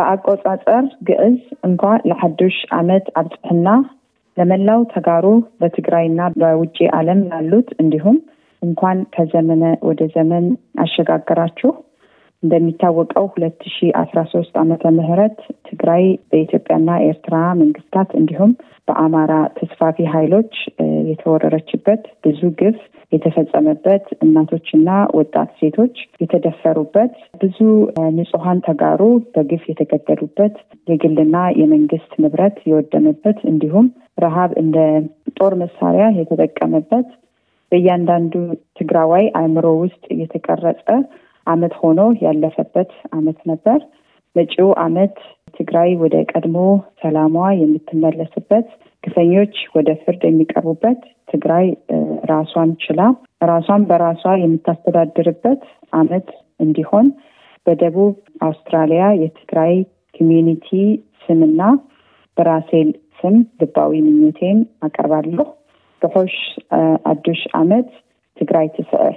ብኣቆፃፀር ግዕዝ እንኳ ንሓዱሽ ዓመት ኣብፅሕና ለመላው ተጋሩ በትግራይና በውጪ ዓለም ላሉት እንዲሁም እንኳን ከዘመነ ወደ ዘመን ኣሸጋግራችሁ እንደሚታወቀው ሁለት ሺ አስራ ሶስት አመተ ምህረት ትግራይ በኢትዮጵያና ኤርትራ መንግስታት እንዲሁም በአማራ ተስፋፊ ኃይሎች የተወረረችበት ብዙ ግፍ የተፈጸመበት እናቶችና ወጣት ሴቶች የተደፈሩበት ብዙ ንጹሀን ተጋሩ በግፍ የተገደሉበት የግልና የመንግስት ንብረት የወደመበት እንዲሁም ረሃብ እንደ ጦር መሳሪያ የተጠቀመበት በእያንዳንዱ ትግራዋይ አእምሮ ውስጥ እየተቀረጸ አመት ሆኖ ያለፈበት አመት ነበር። መጪው አመት ትግራይ ወደ ቀድሞ ሰላሟ የምትመለስበት፣ ግፈኞች ወደ ፍርድ የሚቀርቡበት፣ ትግራይ ራሷን ችላ ራሷን በራሷ የምታስተዳድርበት አመት እንዲሆን በደቡብ አውስትራሊያ የትግራይ ኮሚኒቲ ስምና በራሴ ስም ልባዊ ምኞቴን አቀርባለሁ። በሆሽ አዱሽ አመት ትግራይ ትስዕር።